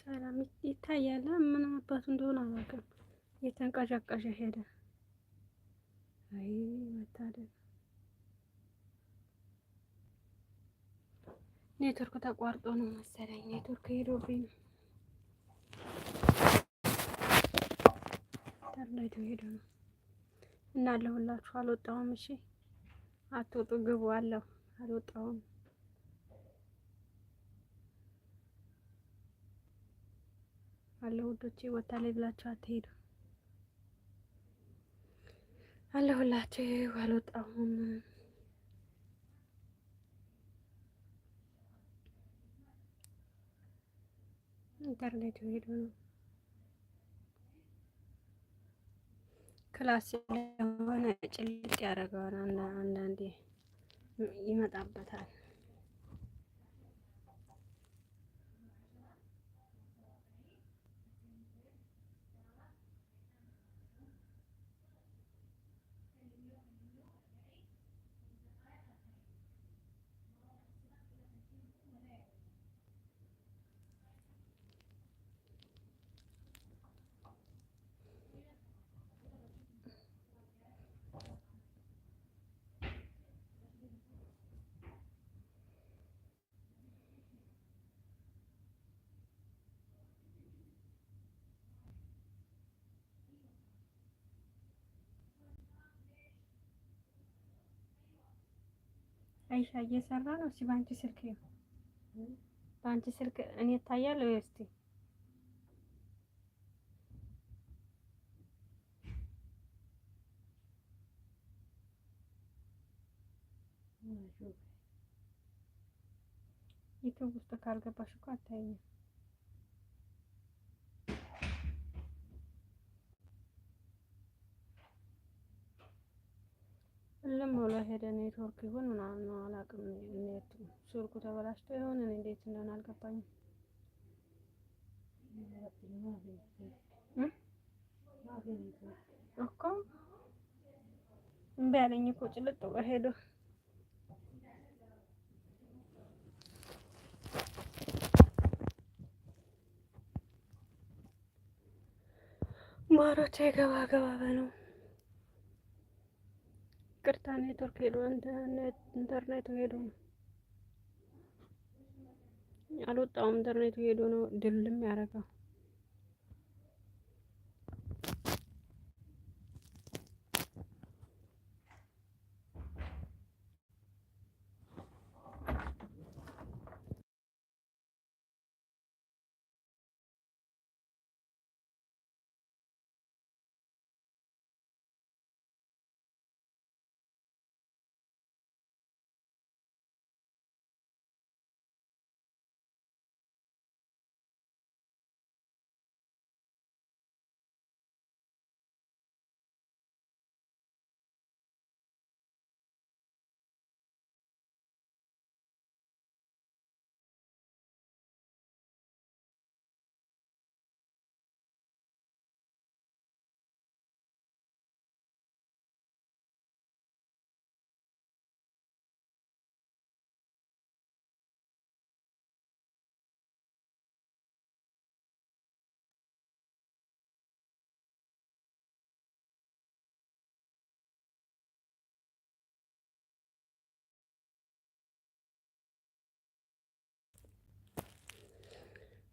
ሰላም ይታያል። ምን አባቱ እንደሆነ አላውቅም። የተንቀዠቀዠ ሄደ። አይ መታደል። ኔትወርክ ተቋርጦ ነው መሰለኝ። ኔትወርክ ሄዶብኝ ነው። ሄዶ ነው እና አለሁላችሁ። አልወጣሁም። እሺ አትወጡ፣ ግቡ አለሁ። አልወጣሁም። አለ ውዶቼ፣ ወታ ላይ ብላችሁ አትሄዱ። አለሁላችሁ አልወጣሁም። ኢንተርኔት ሄዶ ነው ክላስ የሆነ ጭልጥ ያደርገዋል። አንዳንዴ ይመጣበታል። አይሻ እየሰራ ነው። እስቲ በአንቺ ስልክ በአንቺ ስልክ እኔ ይታያል ወይ? እስቲ ዩቱብ ውስጥ ካልገባሽ እኮ አታየኝም። ዝም ብሎ ሄደ። ኔትወርክ ይሁን ምናምን ነው አላውቅም። ኔት ስልኩ ተበላሽቶ ይሆን እኔ እንዴት እንደሆነ አልገባኝም። እኮ እምቢ አለኝ እኮ ጭልጥ ብሎ ሄዶ ማሮቼ ገባ ገባ በለው ቅርታ ኔትወርክ ሄዶ ኢንተርኔቱ ሄዶ ነው። አልወጣውም። ኢንተርኔቱ ሄዶ ነው ድልም ያደረገው።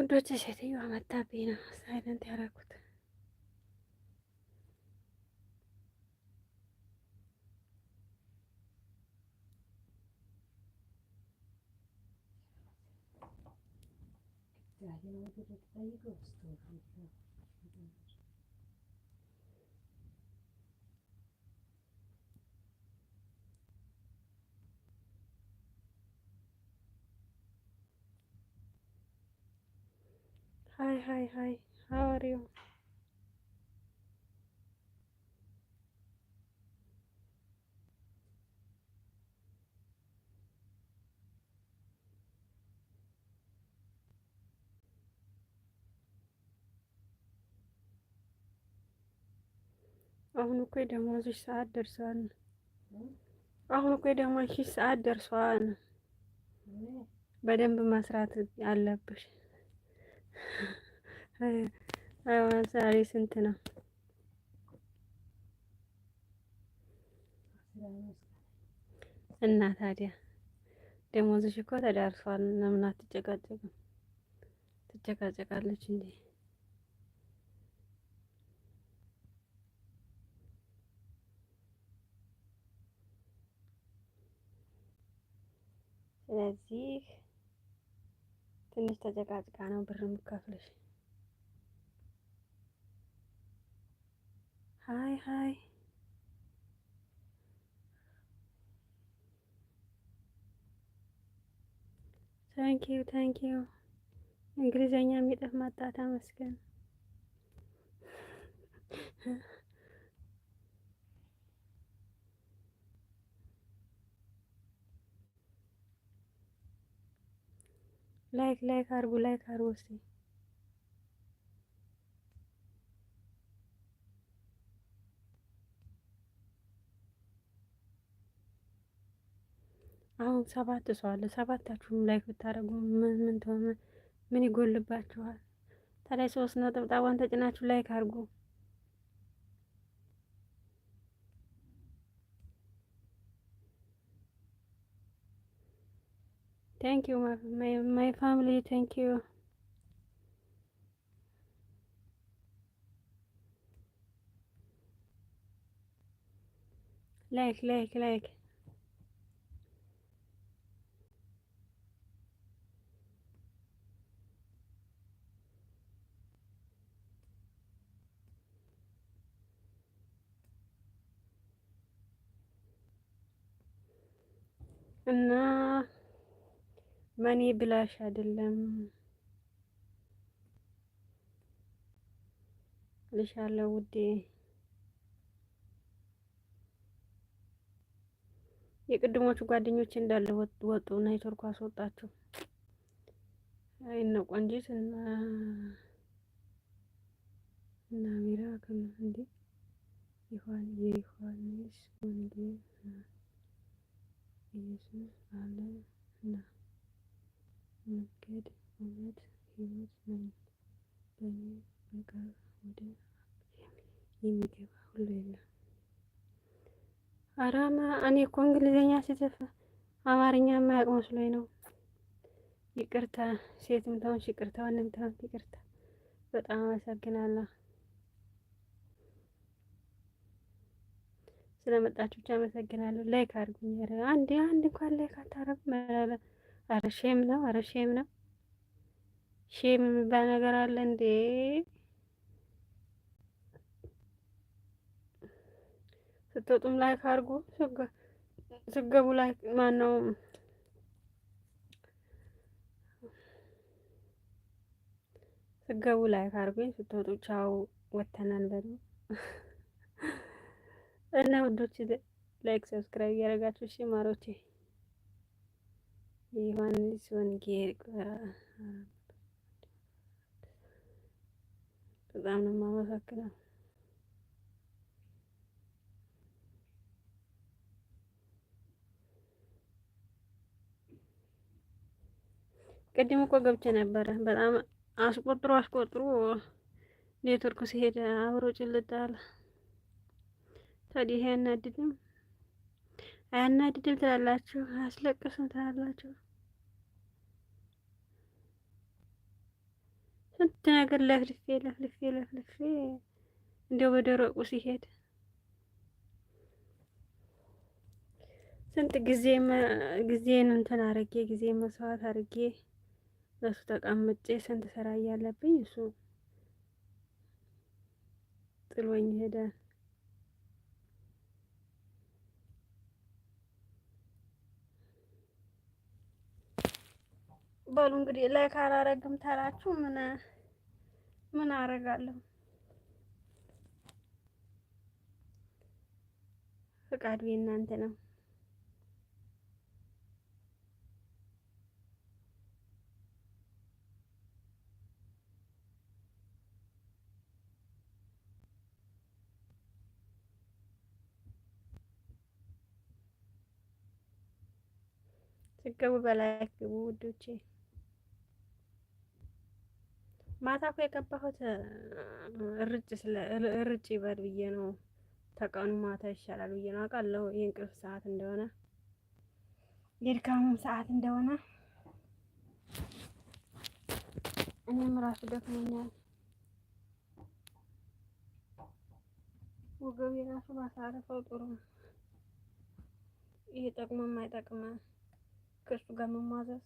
ውዶች ሴትዮዋ መታብኝ ነው ሳይለንት ያደረኩት። Hi, hi, hi. How are you? አሁን እኮ የደሞዝሽ ሰዓት ደርሷል። አሁን እኮ የደሞዝሽ ሰዓት ደርሷል። በደንብ መስራት አለብሽ። ዛሬ ስንት ነው? እና ታዲያ ደሞዝሽ እኮ ተዳርሷል። ለምን አትጨቃጨቅም? ትጨቃጨቃለች እንዴ? ስለዚህ ትንሽ ተጨቃጭቃ ነው ብር የምከፍልሽ። ሀይ ሀይ ታንኪው ታንኪው እንግሊዘኛ የሚጠፍ ማጣት አመስገን ላይክ ላይክ አርጉ ላይክ አርጉ እስኪ አሁን ሰባት ሰው አለ። ሰባታችሁም ላይክ ብታደርጉ ምን ምን ተሆነ ምን ይጎልባችኋል? ታዲያ ሶስት ነጠብጣቧን ተጭናችሁ ላይክ አድርጉ። ታንክ ዩ ማይ ፋሚሊ ታንክ ዩ ላይክ ላይክ ላይክ እና መኔ ብላሽ አይደለም ልሻለሁ ውዴ። የቅድሞቹ ጓደኞች እንዳለ ወጡ። ኔትወርኩ አስወጣችሁ። አይነ ቆንጂት እና እና ሚራ ከምን እንዴ ይሆን የይሆን ኢየሱስ አለና መንገድ፣ እውነት፣ ሕይወት ነኝ። በእኔ በቀር ወደ የሚገባ ሁሉ የለም። አራማ እኔ እኮ እንግሊዝኛ አማርኛ የማያውቅ መስሎኝ ነው። ይቅርታ ሴትም ተሆንሽ ይቅርታ፣ ወንድም ተሆንሽ ይቅርታ። በጣም አመሰግናለሁ። ስለመጣችሁ ብቻ አመሰግናለሁ። ላይክ አድርጉኝ። ኧረ አንድ አንድ እንኳን ላይክ አታረጉም። ኧረ ሼም ነው፣ ኧረ ሼም ነው። ሼም የሚባል ነገር አለ እንዴ? ስትወጡም ላይክ አድርጉ፣ ስገቡ ላይክ ማን ነው ስገቡ ላይክ አድርጉኝ፣ ስትወጡ ቻው ወተናን በሉ። እና ውዶች ላይክ ሰብስክራይብ እያደረጋችሁ እሺ ማሮቼ ዮሐንስ ወንጌል በጣም ነው የማመሰግነው። ቅድም እኮ ገብቼ ነበረ። በጣም አስቆጥሮ አስቆጥሮ ኔትወርኩ ሲሄድ አብሮ ጭልጥ አለ። ታዲያ ይሄ አናድድም አያናድድም ትላላችሁ፣ አያስለቅስም ትላላችሁ። ስንት ነገር ለፍልፌ ለፍልፌ ለፍልፌ እንደው በደረቁ ሲሄድ ስንት ጊዜ ጊዜን እንትን አርጌ ጊዜ መስዋዕት አርጌ ለሱ ተቀምጬ ስንት ስራ እያለብኝ እሱ ጥሎኝ ሄደ። በሉ እንግዲህ ላይ ካላረግም ተላችሁ ምን ምን አረጋለሁ? ፍቃዱ የእናንተ ነው። ስገቡ በላይ ግቡ ውዶቼ። ማታ እኮ የቀባሁት እርጭ ስለ እርጭ ይበል ብዬ ነው። ተቀኑ ማታ ይሻላል ብዬ ነው አውቃለሁ። የእንቅልፍ ሰዓት እንደሆነ የድካሙም ሰዓት እንደሆነ እኔም ራሱ ደክሞኛል። ወገብ የራሱ ባሳረፈው ጥሩ ይሄ ጠቅሞ የማይጠቅመ ከእሱ ጋር መሟዘዝ